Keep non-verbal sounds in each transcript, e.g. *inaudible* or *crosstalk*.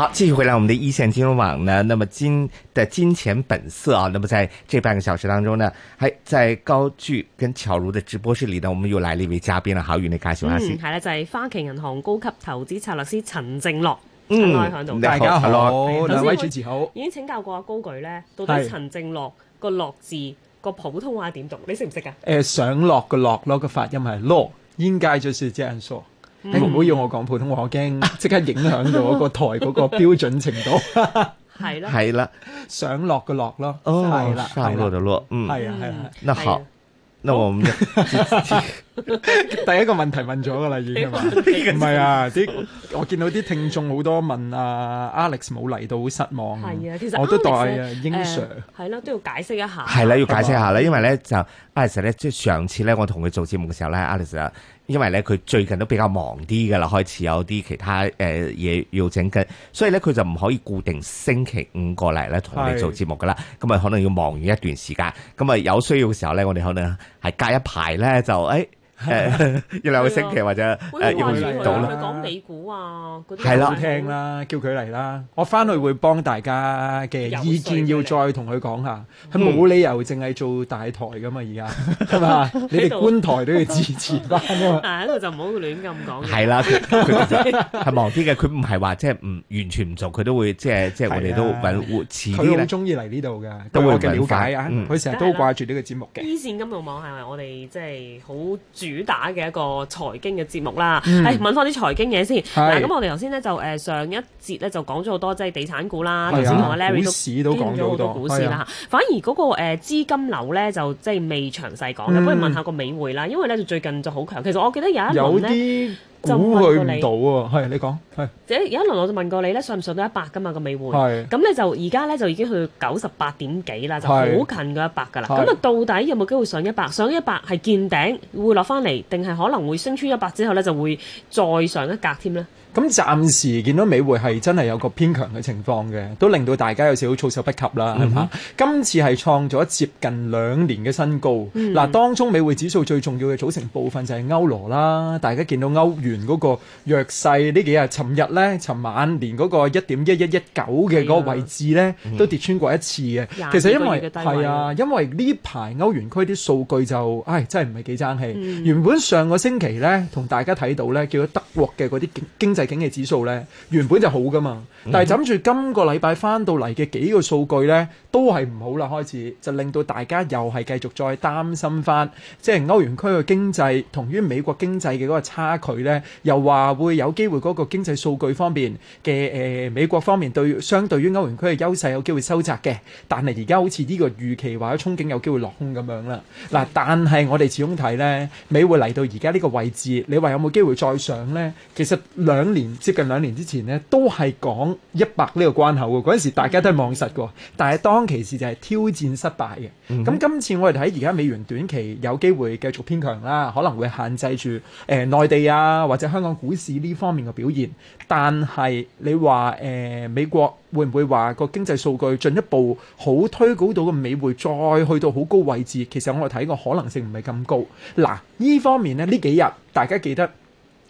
好，繼續回來我們的一線金融網呢。那麼金的金錢本色啊，那麼在這半個小時當中呢，還在高舉跟巧如的直播室裏呢，我們又來了一位嘉賓了。好，與你介紹一下先。嗯，係啦，就係、是、花旗銀行高級投資策略師陳正犖。嗯，來向大家好，大家好了，首先我已經請教過阿高舉呢，到底陳正犖個犖字個是普通話點讀？你識唔識啊？呃「誒，上落個落咯，個發音係落，應該就是這樣說。嗯、你唔好要我講普通話，我驚即刻影響咗個台嗰個標準程度。係、啊、 *laughs* 啦，係、哦、啦，上落嘅落咯，係啦，上落嘅落，嗯，那好，啊、噉我哋就。好 *laughs* *laughs* 第一個問題問咗噶啦，已經唔係啊！啲我見到啲聽眾好多問啊，Alex 冇嚟到，好失望。係啊，其實我都代啊，應承係啦，都要解釋一下。係啦吧，要解釋下啦，因為咧就 Alex 咧，即係上次咧，我同佢做節目嘅時候咧，Alex 因為咧佢最近都比較忙啲噶啦，開始有啲其他誒嘢要整緊，所以咧佢就唔可以固定星期五過嚟咧同你做節目噶啦。咁啊是，可能要忙完一段時間。咁啊，有需要嘅時候咧，我哋可能係隔一排咧就誒。哎誒，要兩個星期或者誒嚟到啦。佢講美股啊，嗰啲係啦，聽啦，叫佢嚟啦。我返去會幫大家嘅意見，要再同佢講下。佢冇理由淨係做大台噶嘛，而家係嘛？你哋觀台都要支持但啊嘛。喺度就唔好亂咁講。係啦，佢佢係忙啲嘅。佢唔係話即係唔完全唔做，佢都會即係即係我哋都搵活。遲啲咧，鍾意嚟呢度嘅，對我嘅瞭解啊，佢成日都掛住呢個節目嘅。依線金融網係咪我哋即係好主打嘅一個財經嘅節目啦，係、嗯哎、問翻啲財經嘢先。嗱是，咁、啊、我哋頭先咧就誒、呃、上一節咧就講咗好多即係地產股啦，頭先同阿 Larry 都講咗好多股市啦。啊、反而嗰、那個誒、呃、資金流咧就即係未詳細講嘅，嗯、不如問下個美匯啦，因為咧就最近就好強。其實我記得有一輪咧。就估唔、呃、到喎、啊，係你講係。有有一輪我就問過你呢，上唔上到一百噶嘛個美匯？係是。咁你就而家呢，就已經去到九十八點幾啦，就好近個一百噶啦。咁啊是，就到底有冇機會上一百是？上一百係見頂會落翻嚟，定係可能會升穿一百之後呢，就會再上一格添呢？咁暫時見到美匯係真係有個偏強嘅情況嘅，都令到大家有少少措手不及啦，係嘛？今次係創咗接近兩年嘅新高。嗱，當中美匯指數最重要嘅組成部分就係歐羅啦。大家見到歐元嗰個弱勢呢幾日，尋日咧、尋晚連嗰個一點一一一九嘅嗰個位置咧，都跌穿過一次嘅。其實因為係啊，因為呢排歐元區啲數據就唉真係唔係幾爭氣。原本上個星期咧，同大家睇到咧，叫做德國嘅嗰啲經經濟經景嘅指數咧，原本就好噶嘛，但係諗住今個禮拜翻到嚟嘅幾個數據咧，都係唔好啦，開始就令到大家又係繼續再擔心翻，即係歐元區嘅經濟同於美國經濟嘅嗰個差距咧，又話會有機會嗰個經濟數據方面嘅誒、呃，美國方面對相對於歐元區嘅優勢有機會收窄嘅，但係而家好似呢個預期或者憧憬有機會落空咁樣啦。嗱，但係我哋始終睇咧，美匯嚟到而家呢個位置，你話有冇機會再上咧？其實兩年接近兩年之前呢都係講一百呢個關口嘅。嗰陣時大家都係望實嘅，但係當其時就係挑戰失敗嘅。咁、嗯、哼今次我哋睇而家美元短期有機會繼續偏強啦，可能會限制住、呃、內地啊或者香港股市呢方面嘅表現。但係你話、呃、美國會唔會話個經濟數據進一步好推高到個美匯再去到好高位置？其實我哋睇個可能性唔係咁高。嗱，呢方面呢呢幾日大家記得。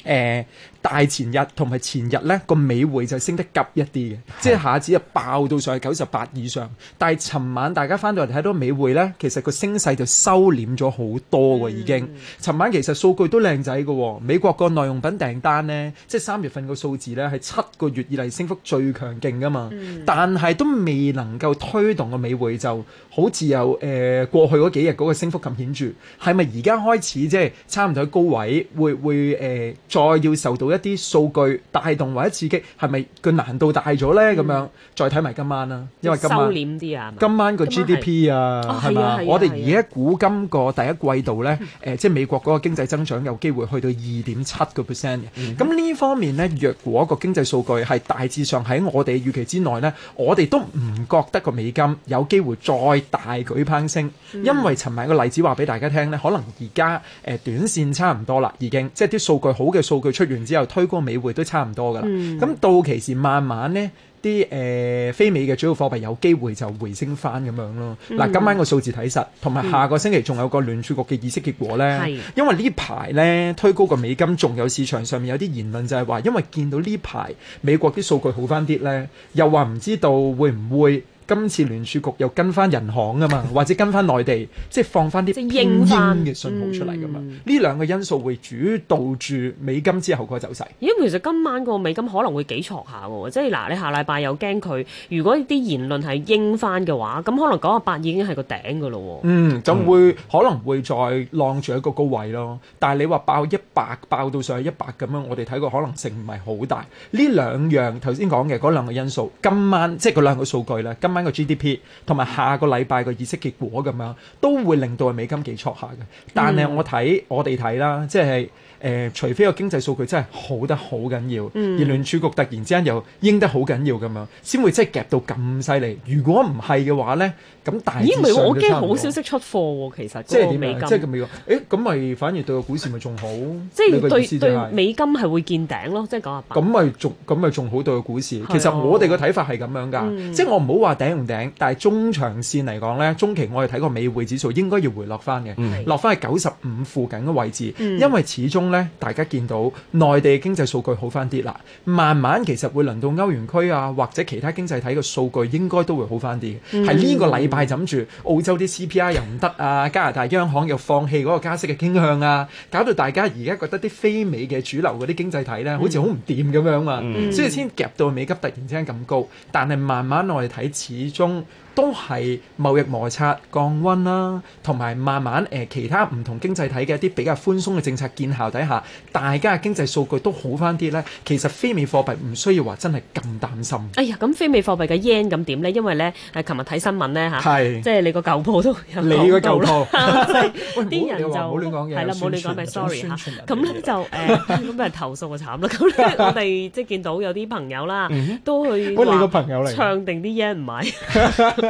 誒、呃，大前日同埋前日咧個美匯就升得急一啲嘅，的即係下子就爆到上去九十八以上。但係尋晚大家返到嚟睇到美匯咧，其實個升勢就收斂咗好多嘅，嗯、已經。尋晚其實數據都靚仔嘅，美國個耐用品訂單咧，即係三月份個數字咧係七個月以嚟升幅最強勁噶嘛。嗯、但係都未能夠推動個美匯就，就好似有誒、呃、過去嗰幾日嗰個升幅咁顯著。係咪而家開始即係、呃、差唔多高位？會會誒？呃再要受到一啲數據帶動或者刺激，係咪個難度大咗咧？咁、嗯、樣再睇埋今晚啦，因為今晚是是今晚個 GDP 啊，係嘛？我哋而家估今個第一季度咧，誒、 *laughs* 呃、即係美國嗰個經濟增長有機會去到二點七個 percent 嘅。咁呢、嗯、哼方面咧，若果個經濟數據係大致上喺我哋預期之內咧，我哋都唔覺得個美金有機會再大舉攀升，嗯、因為尋晚個例子話俾大家聽咧，可能而家誒短線差唔多啦，已經即係啲數據好嘅。數據出完之後推高美匯都差唔多噶啦，咁、嗯、到期時慢慢呢啲誒、呃、非美嘅主要貨幣有機會就回升翻咁樣咯。嗱、嗯，今晚個數字睇實，同埋下個星期仲有個聯儲局嘅議息結果呢。嗯、因為呢排呢推高個美金，仲有市場上面有啲言論就係話，因為見到呢排美國啲數據好翻啲呢，又話唔知道會唔會？今次聯儲局又跟翻人行啊嘛，或者跟翻內地， *laughs* 即係放翻啲應翻嘅信號出嚟噶嘛？呢兩個因素會主導住美金之後嗰個走勢。咦、嗯？其實今晚個美金可能會幾錯下喎，即係嗱，你下禮拜又驚佢，如果啲言論係應翻嘅話，咁可能九十八已經係個頂㗎咯。嗯，咁會、嗯、可能會再浪住一個高位咯。但係你話爆一百，爆到上去一百咁樣，我哋睇個可能性唔係好大。呢兩樣頭先講嘅嗰兩個因素，今晚即係嗰兩個數據咧，今晚。個 GDP 同埋下個禮拜個議息結果咁樣都會令到美金企錯下嘅，但係我睇、嗯、我哋睇啦，即係。誒、呃，除非個經濟數據真係好得好緊要，嗯、而聯儲局突然之間又應得好緊要咁樣，先會真係夾到咁犀利。如果唔係嘅話咧，咁大致上都差唔多我驚好消息出貨喎、哦，其實美金即係點？即係美元，誒，咁咪反而對個股市咪仲好？即係對，對，對美金係會見頂咯，即係講下，爸。咁咪仲咁咪仲好對個股市？哦、其實我哋嘅睇法係咁樣㗎，嗯、即係我唔好話頂唔頂，但係中長線嚟講咧，中期我哋睇過美匯指數應該要回落翻嘅，嗯、落翻喺九十五附近嘅位置，嗯、因為始終。大家見到內地的經濟數據好翻啲啦，慢慢其實會輪到歐元區啊，或者其他經濟體嘅數據應該都會好翻啲嘅。喺呢、嗯、個禮拜枕住澳洲啲 CPI 又唔得啊，加拿大央行又放棄嗰個加息嘅傾向啊，搞到大家而家覺得啲非美嘅主流嗰啲經濟體呢，好似好唔掂咁樣啊，嗯嗯、所以先夾到美金突然之間咁高，但係慢慢內地睇始終。都係貿易摩擦降溫啦、啊，同埋慢慢誒、呃、其他唔同經濟體嘅一啲比較寬鬆嘅政策見效底下，大家嘅經濟數據都好翻啲咧。其實非美貨幣唔需要話真係咁擔心。哎呀，咁非美貨幣嘅 yen 咁點咧？因為咧誒，琴日睇新聞咧嚇，係、啊、是即係你個舊鋪都有你個舊鋪，即係啲人就亂講嘢，係啦，冇亂講嘅，sorry 咁咧就誒，咁、呃、畀人 *laughs* 投訴就慘咯。咁咧我哋即係見到有啲朋友啦，嗯、哼都去喂你個朋友嚟唱定啲 yen 唔買。 *laughs*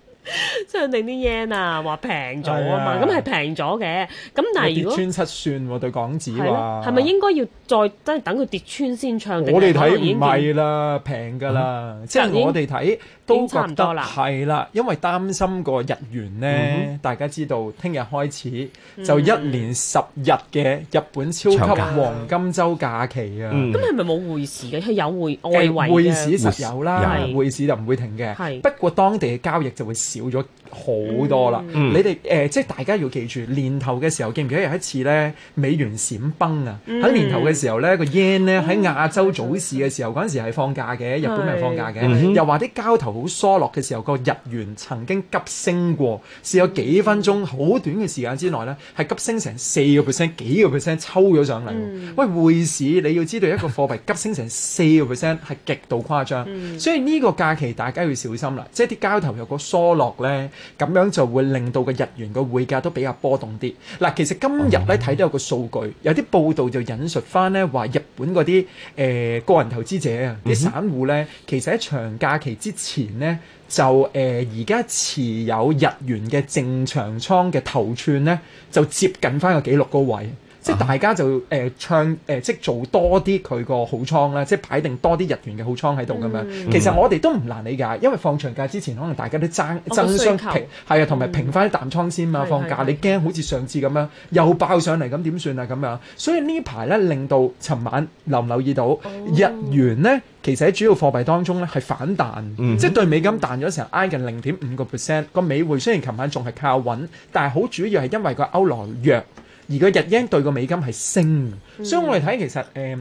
即係你啲 yen 啊，話平咗啊嘛，咁係平咗嘅。咁但係跌穿七算對港紙話，係咪應該要再即係等佢跌穿先唱？我哋睇唔係啦，平噶啦。即係我哋睇都差唔多啦。係啦，因為擔心個日元呢。大家知道，聽日開始就一年十日嘅日本超級黃金周假期啊。咁係咪冇匯市嘅？係有匯外匯嘅匯市實有啦，匯市就唔會停嘅。不過當地嘅交易就會。少咗。好多啦，嗯、你哋誒、呃、即係大家要記住，年頭嘅時候記唔記得有一次咧美元閃崩啊？喺、嗯、年頭嘅時候咧個 yen 咧喺亞洲早市嘅時候嗰陣、嗯、時係放假嘅，日本係放假嘅，是又話啲交投好疏落嘅時候，個日元曾經急升過，試有幾分鐘好短嘅時間之內咧係急升成四個 percent 幾個 percent 抽咗上嚟。嗯、喂，匯市你要知道一個貨幣急升成四個 percent 係極度誇張，所以呢個假期大家要小心啦，即係啲交投若果疏落咧。咁樣就會令到個日元個匯價都比較波動啲。嗱，其實今日咧睇到有個數據，有啲報道就引述翻咧話日本嗰啲誒個人投資者啊，啲散戶咧，其實喺長假期之前咧就誒而家持有日元嘅正長倉嘅頭寸咧，就接近翻個紀錄高位。即大家就誒、呃、唱誒、呃，即做多啲佢個好倉啦，即係擺定多啲日元嘅好倉喺度咁樣。嗯、其實我哋都唔難理解，因為放長假之前，可能大家都爭爭相平，係啊、嗯，同埋平翻啲淡倉先嘛。嗯、放假你驚好似上次咁樣、嗯、又爆上嚟，咁點算啊？咁樣，所以呢排咧令到尋晚留唔留意到、哦、日元咧，其實喺主要貨幣當中咧係反彈，嗯、即係對美金彈咗成挨近零點五個 percent。個、嗯、美匯雖然尋晚仲係靠穩，但係好主要係因為個歐羅弱。而個日英對個美金係升，嗯、所以我哋睇其實、呃、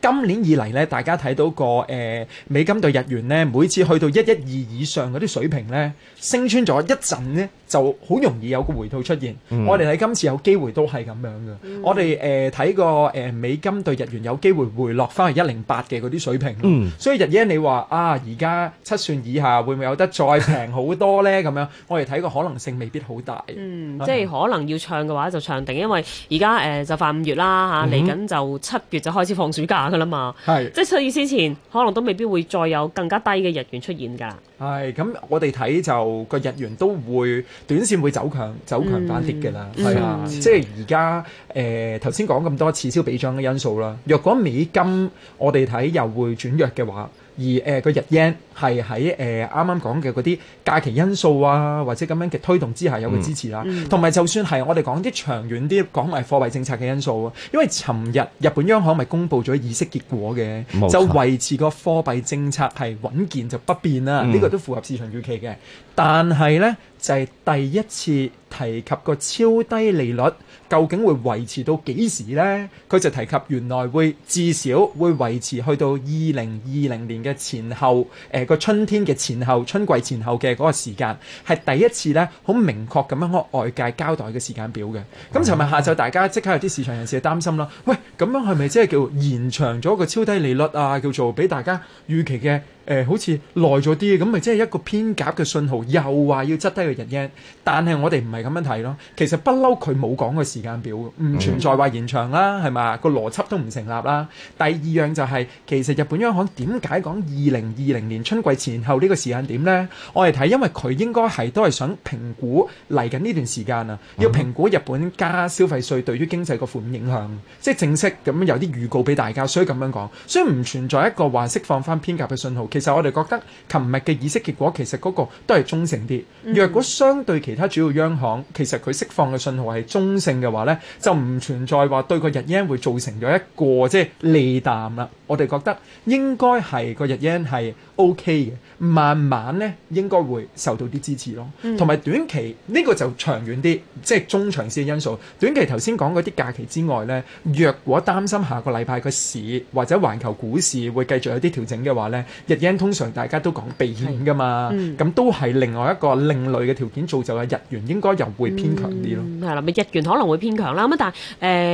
今年以嚟咧，大家睇到個、呃、美金對日元咧，每次去到一一二以上嗰啲水平咧，升穿咗一陣咧。就好容易有個回吐出現，嗯、我哋睇今次有機會都係咁樣嘅。嗯、我哋睇個美金對日元有機會回落翻去一零八嘅嗰啲水平，嗯、所以日英你話啊，而家七算以下會唔會有得再平好多咧？咁樣我哋睇個可能性未必好大。嗯，的即係可能要唱嘅話就唱定，因為而家、呃、就快五月啦嚇，嚟緊就七月就開始放暑假噶啦嘛。嗯、即係七月之前可能都未必會再有更加低嘅日元出現㗎。係，咁我哋睇就個日元都會短線會走強，走強反跌㗎啦，係、嗯、啊，嗯、即係而家誒頭先講咁多此消彼長嘅因素啦。若果美金我哋睇又會轉弱嘅話，而誒個、呃、日元係喺誒啱啱講嘅嗰啲假期因素啊，或者咁樣嘅推動之下有個支持啦、啊，同埋、嗯嗯、就算係我哋講啲長遠啲講埋貨幣政策嘅因素啊，因為尋日日本央行咪公布咗議息結果嘅，錯就維持個貨幣政策係穩健就不變啦，呢、嗯、個都符合市場預期嘅，但係呢，就係、是、第一次。提及個超低利率究竟會維持到幾時呢？佢就提及原來會至少會維持去到二零二零年嘅前後、呃，個春天嘅前後、春季前後嘅嗰個時間，係第一次呢。好明確咁樣向外界交代嘅時間表嘅。咁尋日下晝大家即刻有啲市場人士擔心啦，喂，咁樣係咪即係叫延長咗個超低利率啊？叫做俾大家預期嘅。誒、欸、好似耐咗啲，咁咪即係一個偏鴿嘅信號，又話要執低個日元，但係我哋唔係咁樣睇咯。其實不嬲佢冇講個時間表，唔存在話延長啦，係嘛，個邏輯都唔成立啦。第二樣就係，是，其實日本央行點解講二零二零年春季前後呢個時間點呢？我哋睇，因為佢應該係都係想評估嚟緊呢段時間啊，要評估日本加消費稅對於經濟個負面影響，即係正式咁有啲預告俾大家，所以咁樣講，所以唔存在一個話釋放翻偏鴿嘅信號。其實我哋覺得琴日嘅議息結果，其實嗰個都係中性啲。若果相對其他主要央行，其實佢釋放嘅信號係中性嘅話咧，就唔存在話對個日圓會造成咗一個即係利淡啦。我哋覺得應該係個日元係 OK 嘅，慢慢咧應該會受到啲支持咯。同埋短期呢個就長遠啲，即係中長線嘅因素。短期頭先講嗰啲假期之外咧，若果擔心下個禮拜個市或者環球股市會繼續有啲調整嘅話咧，日元通常大家都講避險㗎嘛，咁都係另外一個另類嘅條件造就嘅日元應該又會偏強啲咯。係啦，咪日元可能會偏強啦。咁啊，但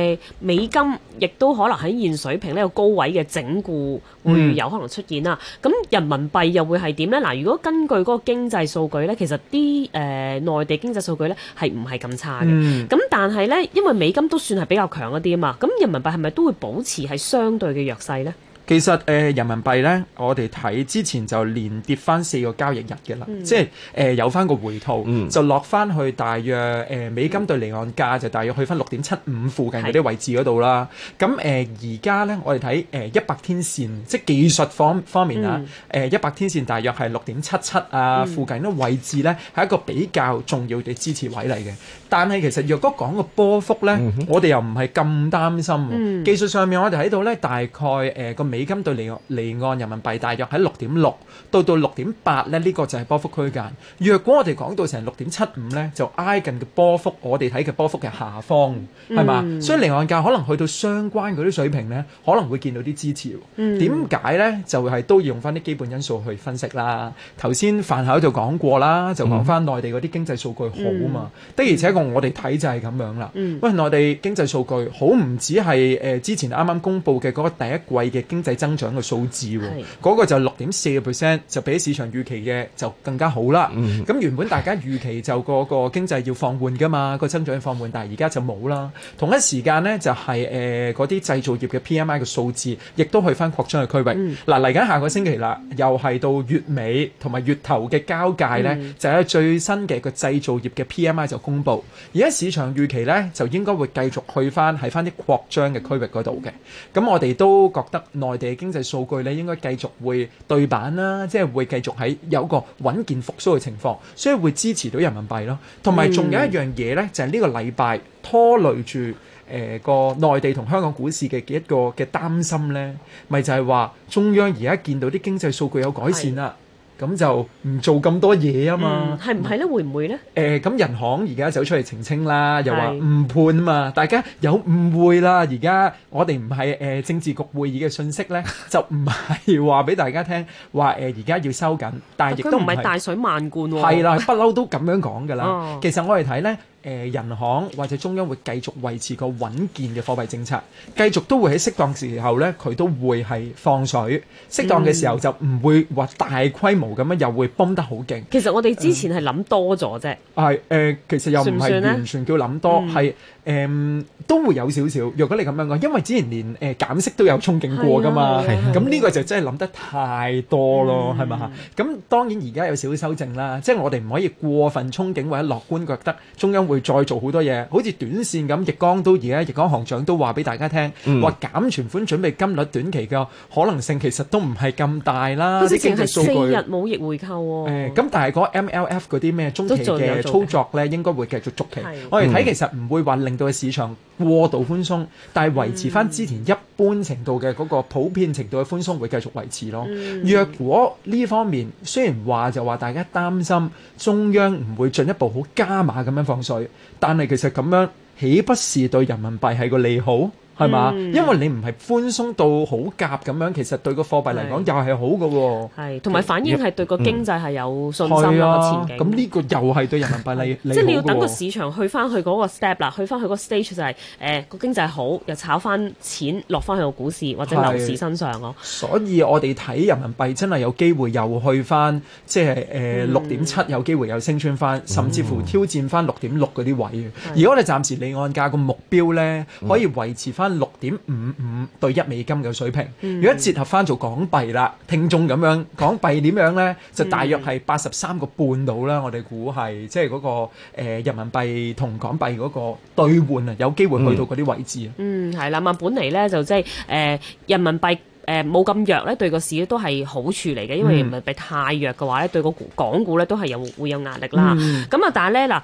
係誒美金亦都可能喺現水平呢個高位嘅整。鞏固會有可能出現啦，咁、嗯、人民幣又會係點呢？嗱，如果根據嗰個經濟數據呢，其實啲誒內地經濟數據是是、嗯、呢係唔係咁差嘅，咁但係呢因為美金都算係比較強一啲啊嘛，咁人民幣係咪都會保持係相對嘅弱勢呢？其實誒人民幣咧，我哋睇之前就連跌翻四個交易日嘅啦，即係誒有翻個回吐，就落翻去大約誒美金對離岸價就大約去翻六點七五附近嗰啲位置嗰度啦。咁誒而家咧，我哋睇誒一百天線，即係技術方方面啊，誒一百天線大約係六點七七啊附近啲位置咧，係一個比較重要嘅支持位嚟嘅。但係其實若果講個波幅咧，我哋又唔係咁擔心。技術上面我哋喺度咧，大概誒個美美金對離岸人民幣大約喺六點六到到六點八咧，呢、這個就係波幅區間。若果我哋講到成六點七五咧，就挨近嘅波幅，我哋睇嘅波幅嘅下方，係嘛、嗯？所以離岸價可能去到相關嗰啲水平咧，可能會見到啲支持。點解咧？就係、是、都要用翻啲基本因素去分析啦。頭先范巧就講過啦，就講翻內地嗰啲經濟數據好啊嘛。嗯、的而且確，嗯、我哋睇就係咁樣啦。喂、嗯，內地經濟數據好唔止係誒、呃、之前啱啱公布嘅嗰個第一季嘅經。係增長嘅數字，嗰個就六點四個 percent 就比市場預期嘅就更加好啦。咁原本大家預期就嗰個經濟要放緩㗎嘛，個增長要放緩，但係而家就冇啦。同一時間咧就係誒嗰啲製造業嘅 PMI 嘅數字，亦都去翻擴張嘅區域。嗱，嚟緊下個星期啦，又係到月尾同埋月頭嘅交界咧，嗯、就係最新嘅個製造業嘅 PMI 就公布。而家市場預期咧就應該會繼續去翻喺翻啲擴張嘅區域嗰度嘅。咁我哋都覺得內。哋嘅經濟數據咧，應該繼續會對版啦，即係會繼續喺有個穩健復甦嘅情況，所以會支持到人民幣咯。同埋仲有一樣嘢咧，就係呢個禮拜拖累住誒個內地同香港股市嘅一個嘅擔心咧，咪就係話中央而家見到啲經濟數據有改善啦。咁就唔做咁多嘢啊嘛，係唔係咧？是是呢會唔會咧？誒、呃，咁人行而家走出嚟澄清啦，是又話誤判啊嘛，大家有誤會啦。而家我哋唔係政治局會議嘅信息咧， *laughs* 就唔係話俾大家聽，話而家要收緊，但係亦都唔係大水漫灌喎。係啦、 *laughs* 哦，不嬲都咁樣講㗎啦。其實我哋睇咧。誒人行或者中央會繼續維持個穩健嘅貨幣政策，繼續都會喺適當時候呢，佢都會係放水。適當嘅時候就唔會話大規模咁樣，又會崩得好勁。其實我哋之前係諗多咗啫。係誒，其實又唔係完全叫諗多，係。誒都會有少少，若果你咁樣講，因為之前連誒減息都有憧憬過㗎嘛，咁呢個就真係諗得太多咯，係咪啊？咁當然而家有少少修正啦，即係我哋唔可以過分憧憬或者樂觀覺得中央會再做好多嘢，好似短線咁，易綱都而家易綱行長都話俾大家聽，話減存款準備金率短期嘅可能性其實都唔係咁大啦。之前係四日冇逆回購喎。誒，咁但係嗰 MLF 嗰啲咩中期嘅操作咧，應該會繼續續期。我哋睇其實唔會話令。對市場過度寬鬆，但係維持翻之前一般程度嘅嗰個普遍程度嘅寬鬆會繼續維持咯。若果呢方面雖然話就話大家擔心中央唔會進一步好加碼咁樣放水，但係其實咁樣豈不是對人民幣係個利好？係嘛？因為你唔係寬鬆到好夾咁樣，其實對個貨幣嚟講又係好嘅喎。係，同埋反映係對個經濟係有信心咯，嗯啊、前景。咁呢個又係對人民幣嚟，即係你要等個市場去翻去嗰個 step 啦，去翻去個 stage 就係誒個經濟好，又炒翻錢落翻去個股市或者樓市身上咯。所以我哋睇人民幣真係有機會又去翻，即係誒六點七有機會又升穿翻，甚至乎挑戰翻六點六嗰啲位，如果你哋暫時離岸價個目標咧，可以維持翻。六點五五對一美金嘅水平，如果折合翻做港幣啦，聽眾咁樣，港幣點樣咧？就大約係八十三個半度啦，我哋估係即係嗰個誒人民幣同港幣嗰個兌換啊，有機會去到嗰啲位置啊。嗯，係啦，咁啊，本嚟咧就即係誒人民幣。誒冇咁弱咧，對個市都係好處嚟嘅，因為唔係太弱嘅話咧，對個港股咧都係有會有壓力啦。咁啊、嗯，但係咧嗱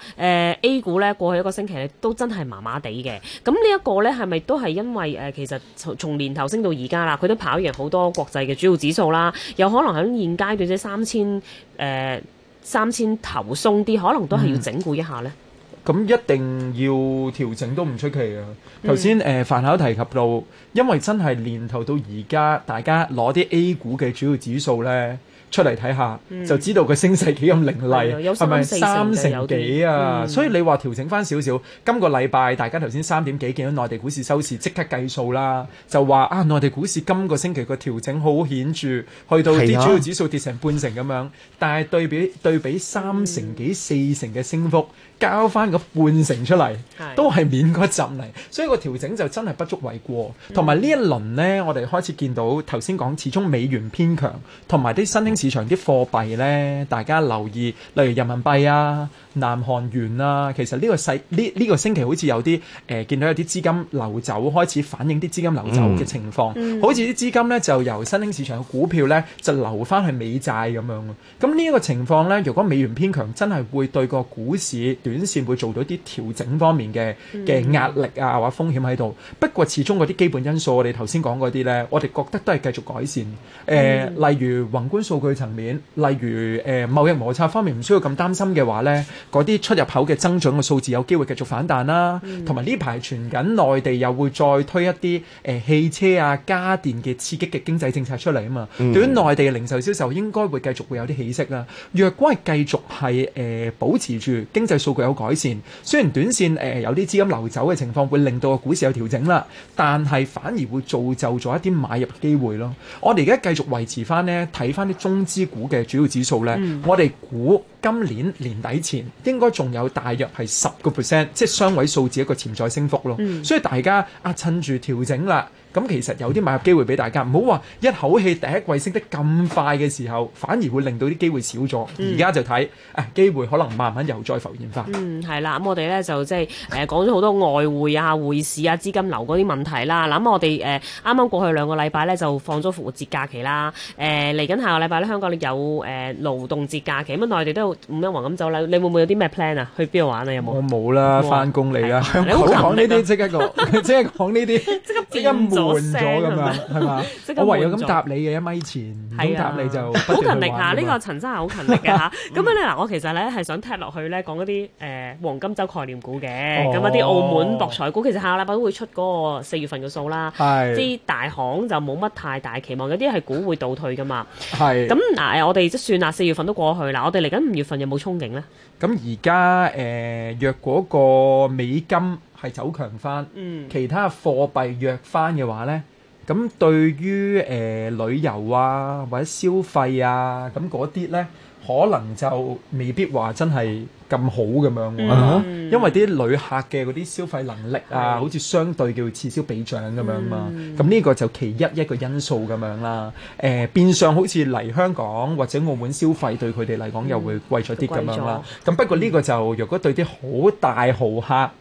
，A 股咧過去一個星期咧都真係麻麻地嘅。咁呢一個咧係咪都係因為、呃、其實從，從年頭升到而家啦，佢都跑贏好多國際嘅主要指數啦。有可能喺現階段即三千誒三千頭鬆啲，可能都係要整固一下咧。嗯。咁一定要調整都唔出奇啊！頭先誒，凡、呃、考提及到，因為真係年頭到而家，大家攞啲 A 股嘅主要指數咧出嚟睇下，就知道佢升勢幾咁凌厲，係咪、嗯、三成幾啊？嗯、所以你話調整翻少少，今個禮拜大家頭先三點幾見到內地股市收市即刻計數啦，就話啊，內地股市今個星期個調整好顯著，去到啲主要指數跌成半成咁樣，啊、但係對比對比三成幾、嗯、四成嘅升幅。交翻個半成出嚟，都係免過浸嚟，所以個調整就真係不足為過。同埋呢一輪呢，我哋開始見到頭先講，始終美元偏強，同埋啲新興市場啲貨幣呢，大家留意，例如人民幣啊。南韓元啦、啊，其實呢個世呢呢、這個星期好似有啲誒、呃、見到有啲資金流走，開始反映啲資金流走嘅情況，嗯嗯、好似啲資金咧就由新興市場嘅股票咧就流翻去美債咁樣。咁呢一個情況咧，如果美元偏強，真係會對個股市短線會做到啲調整方面嘅嘅壓力啊，或者風險喺度。不過始終嗰啲基本因素，我哋頭先講嗰啲咧，我哋覺得都係繼續改善。誒、呃，嗯、例如宏觀數據層面，例如誒、呃、貿易摩擦方面，唔需要咁擔心嘅話咧。嗰啲出入口嘅增長嘅數字有機會繼續反彈啦，同埋呢排傳緊內地又會再推一啲誒、呃、汽車啊、家電嘅刺激嘅經濟政策出嚟啊嘛，對於內地嘅零售銷售應該會繼續會有啲起色啦。若果係繼續係誒、呃、保持住經濟數據有改善，雖然短線誒、呃、有啲資金流走嘅情況會令到個股市有調整啦，但係反而會造就咗一啲買入機會咯。我哋而家繼續維持翻呢，睇翻啲中資股嘅主要指數呢。嗯、我哋估今年年底前。應該仲有大約係十個 percent，即係雙位數字一個潛在升幅囉，嗯、所以大家啊趁住調整啦。咁其實有啲買入機會俾大家，唔好話一口氣第一季升得咁快嘅時候，反而會令到啲機會少咗。而家就睇，誒機會可能慢慢又再浮現翻。嗯，係啦，咁我哋咧就即係誒講咗好多外匯啊、匯市啊、資金流嗰啲問題啦。嗱咁我哋誒啱啱過去兩個禮拜咧就放咗復活節假期啦。誒嚟緊下個禮拜咧香港咧有誒勞動節假期，咁內地都有五一黃金周咁走啦。你會唔會有啲咩 plan 啊？去邊度玩啊？有冇？我冇啦，翻工嚟啦。你唔好講呢啲，即刻講，即刻講呢啲，即刻唔好。換咗咁樣，係嘛？我唯有咁搭你嘅一米前，唔通搭你就好勤力嚇。呢個陳生係好勤力嘅嚇。咁樣咧嗱，我其實咧係想踢落去咧講一啲誒黃金周概念股嘅，咁一啲澳門博彩股其實下個禮拜都會出嗰個四月份嘅數啦。係啲大行就冇乜太大期望，有啲係股會倒退噶嘛。係咁嗱，我哋即係算啦，四月份都過去啦。我哋嚟緊五月份有冇憧憬咧？咁而家誒若果個美金係走強翻，其他貨幣弱翻嘅話咧，咁對於誒旅遊啊或者消費啊咁嗰啲咧，可能就未必話真係咁好咁樣，因為啲旅客嘅嗰啲消費能力啊，好似相對叫此消彼長咁樣啊嘛。咁呢個就其一一個因素咁樣啦。誒變相好似嚟香港或者澳門消費，對佢哋嚟講又會貴咗啲咁樣啦。咁不過呢個就若果對啲好大豪客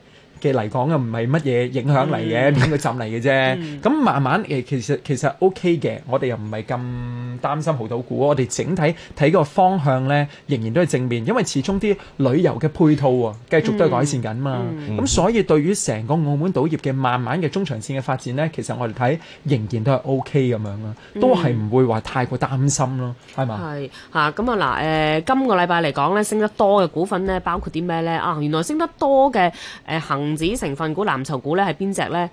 嘅嚟講啊，又唔係乜嘢影響嚟嘅，點佢浸嚟嘅啫。咁慢慢誒，其實其實 O K 嘅，我哋又唔係咁擔心濠賭股。我哋整體睇個方向咧，仍然都係正面，因為始終啲旅遊嘅配套啊，繼續都係改善緊嘛。咁所以對於成個澳門賭業嘅慢慢嘅中長線嘅發展咧，其實我哋睇仍然都係 O K 咁樣啦，都係唔會話太過擔心咯，係嘛？係嚇，咁啊嗱誒，今個禮拜嚟講咧，升得多嘅股份咧，包括啲咩咧？啊，原來升得多嘅誒行。子成分股、藍籌股咧係邊隻咧？誒、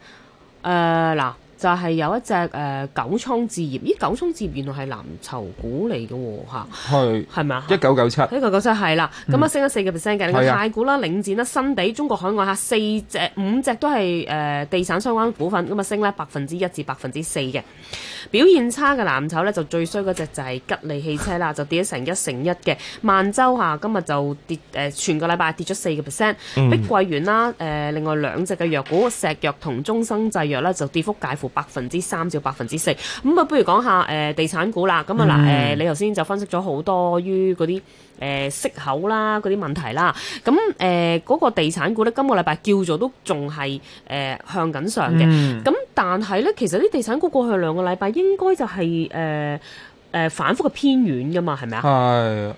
呃，嗱。就係有一隻誒、呃、九倉置業，咦，九倉置業原來係藍籌股嚟嘅喎嚇，係咪啊？一九九七一九九七係啦，咁啊升咗四個 percent 嘅，另外太古啦領展啦新地中國海外嚇四隻五隻都係誒、呃、地產相關股份，咁啊升咧百分之一至百分之四嘅，表現差嘅藍籌咧就最衰嗰隻就係吉利汽車啦，就跌咗成一成一嘅，萬洲嚇今日就跌誒、呃、全個禮拜跌咗四個 percent，碧桂園啦誒另外兩隻嘅藥股石藥同中生製藥咧就跌幅介乎。百分之三至百分之四，咁啊，不如講下誒地產股啦。咁啊嗱，誒、呃、你頭先就分析咗好多於嗰啲誒息口啦，嗰啲問題啦。咁誒嗰個地產股呢，今個禮拜叫做都仲係誒向緊上嘅。咁、嗯、但係呢，其實啲地產股過去兩個禮拜應該就係、是、誒。呃誒、呃、反覆嘅偏遠噶嘛，係咪啊？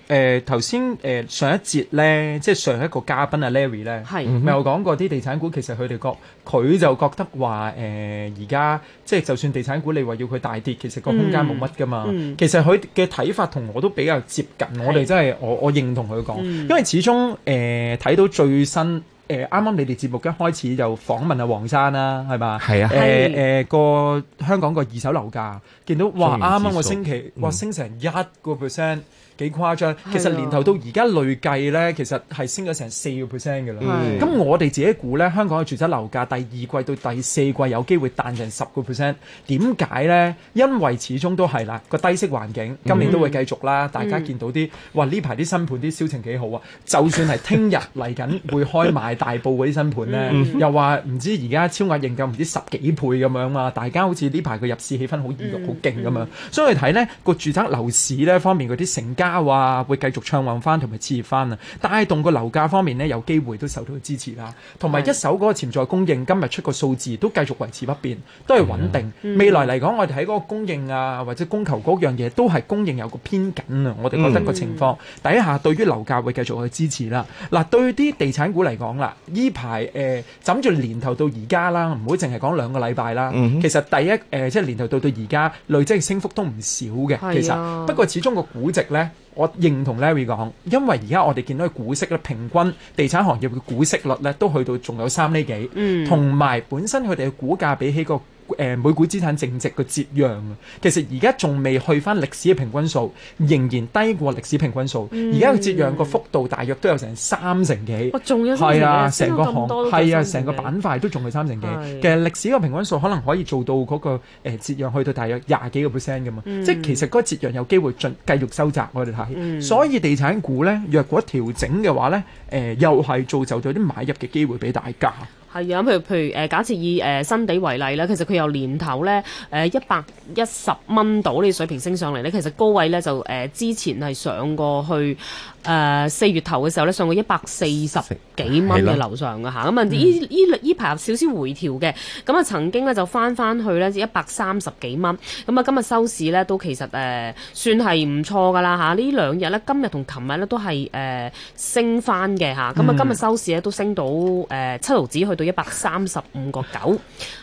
係誒頭先誒上一節咧，即係上一個嘉賓阿 Larry 咧，咪有講過啲地產股，其實佢哋覺佢就覺得話誒而家即係就算地產股，你話要佢大跌，其實個空間冇乜噶嘛。嗯嗯、其實佢嘅睇法同我都比較接近，是我哋真係我我認同佢講，嗯、因為始終誒睇、呃、到最新。誒啱啱你哋節目一開始就訪問阿黃生啦，係嘛？係啊，誒誒個香港個二手樓價，見到哇！啱啱個升期星期，嗯、哇升成一個 percent。幾誇張，其實年頭到而家累計咧，其實係升咗成四個 percent 嘅啦。咁我哋自己估咧，香港嘅住宅樓價第二季到第四季有機會彈成十個 percent。點解咧？因為始終都係啦，個低息環境今年都會繼續啦。嗯、大家見到啲，嗯、哇呢排啲新盤啲銷情幾好啊！就算係聽日嚟緊會開賣大埔嗰啲新盤咧，嗯、又話唔知而家超額認購唔知十幾倍咁樣啊！大家好似呢排個入市氣氛好，意欲好勁咁樣、嗯嗯、所以睇咧、個住宅樓市咧方面嗰啲成交。加話會繼續暢運翻，同埋支持翻啊，帶動個樓價方面呢，有機會都受到支持啦。同埋一手嗰個潛在供應，今日出個數字都繼續維持不變，都係穩定。啊嗯、未來嚟講，我哋喺嗰個供應啊，或者供求嗰樣嘢，都係供應有個偏緊啊。我哋覺得個情況底、嗯、下，對於樓價會繼續去支持啦。嗱、啊，對啲地產股嚟講啦，呢排誒，諗、呃、住年頭到而家啦，唔會淨係講兩個禮拜啦。其實第一誒、呃，即係年頭到到而家累積升幅都唔少嘅。啊、其實不過始終個估值呢。我認同 Larry 講，因為而家我哋見到嘅股息咧，平均地產行業嘅股息率咧都去到仲有三釐幾，同埋、嗯、本身佢哋嘅股價比起個誒每股資產淨值個折讓啊，其實而家仲未去翻歷史嘅平均數，仍然低過歷史平均數。而家個折讓個幅度大約都有成三成幾。哇，仲有成個行，係啊，成個板塊都仲係三成幾。其實歷史嘅平均數可能可以做到嗰個誒折讓去到大約廿幾個 percent 㗎嘛。即係其實嗰個折讓有機會進繼續收窄，我哋睇。所以地產股咧，若果調整嘅話咧，誒又係造就咗啲買入嘅機會俾大家。係啊，咁譬如譬如誒，假設以誒、呃、新地為例啦，其實佢由年頭咧誒一百一十蚊度呢、呃、水平升上嚟咧，其實高位咧就誒、呃、之前係上過去。誒四、呃、月頭嘅時候咧，上過一百四十幾蚊嘅樓上嘅嚇，咁啊依依依排有少少回調嘅，咁啊、嗯、曾經咧就翻翻去咧一百三十幾蚊，咁啊今日收市咧都其實誒、呃、算係唔錯㗎啦嚇，呢、啊、兩日呢，今日同琴日呢都係誒、呃、升翻嘅嚇，咁啊今日收市咧都升到誒七毫子去到一百三十五個九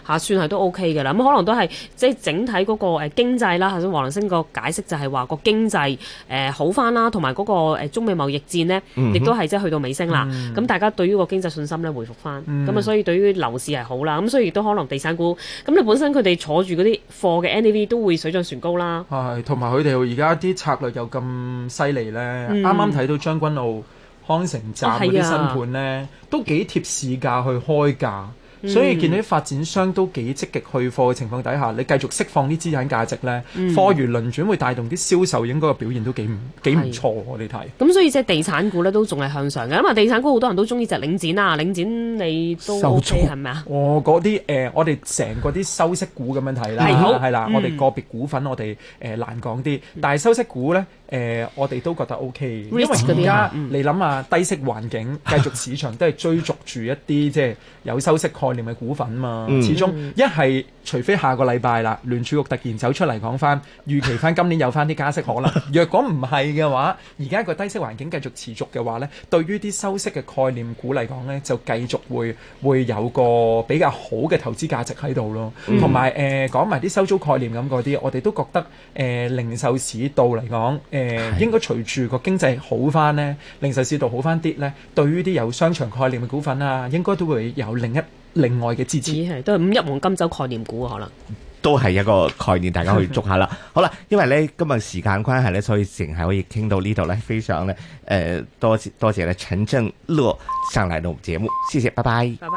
嚇，算係都 OK 嘅啦，咁可能都係即係整體嗰個誒經濟啦，黃良星個解釋就係話個經濟誒、呃、好翻啦，同埋嗰個、呃、中。嘅貿易戰呢，亦都係即係去到尾聲啦。咁、嗯、大家對於個經濟信心咧回復返，咁啊、嗯、所以對於樓市係好啦。咁所以亦都可能地產股，咁你本身佢哋坐住嗰啲貨嘅 N A V 都會水漲船高啦。係，同埋佢哋而家啲策略又咁犀利呢。啱啱睇到將軍澳康城站嗰啲新盤呢，啊啊、都幾貼市價去開價。所以見到啲發展商都幾積極去貨嘅情況底下，你繼續釋放啲資產價值咧，貨源輪轉會帶動啲銷售，應該個表現都幾幾唔錯。我哋睇咁所以即係地產股咧都仲係向上嘅，因為地產股好多人都中意就領展啊，領展你都好，係咪啊？我嗰啲誒，我哋成個啲收息股咁樣睇啦，係啦，我哋個別股份我哋誒難講啲，但係收息股咧。誒，我哋都覺得 OK，因為而家你諗下，低息環境繼續，市場都係追逐住一啲即係有收息概念嘅股份嘛。始終一係除非下個禮拜啦，聯儲局突然走出嚟講翻預期翻今年有翻啲加息可能。若果唔係嘅話，而家個低息環境繼續持續嘅話呢，對於啲收息嘅概念股嚟講呢，就繼續會會有個比較好嘅投資價值喺度咯。同埋誒，講埋啲收租概念咁嗰啲，我哋都覺得誒零售市道嚟講。誒，是應該隨住個經濟好翻呢，零售市道好翻啲呢，對於啲有商場概念嘅股份啦，應該都會有另一另外嘅支持，係都係五一黃金周概念股可能，都係一個概念，大家可以捉下啦。 *laughs* 好啦，因為呢今日時間關係呢，所以淨係可以傾到呢度呢。非常呢，誒、呃，多謝多謝啦，陳正犖上嚟到我哋節目，謝謝，拜拜。拜拜。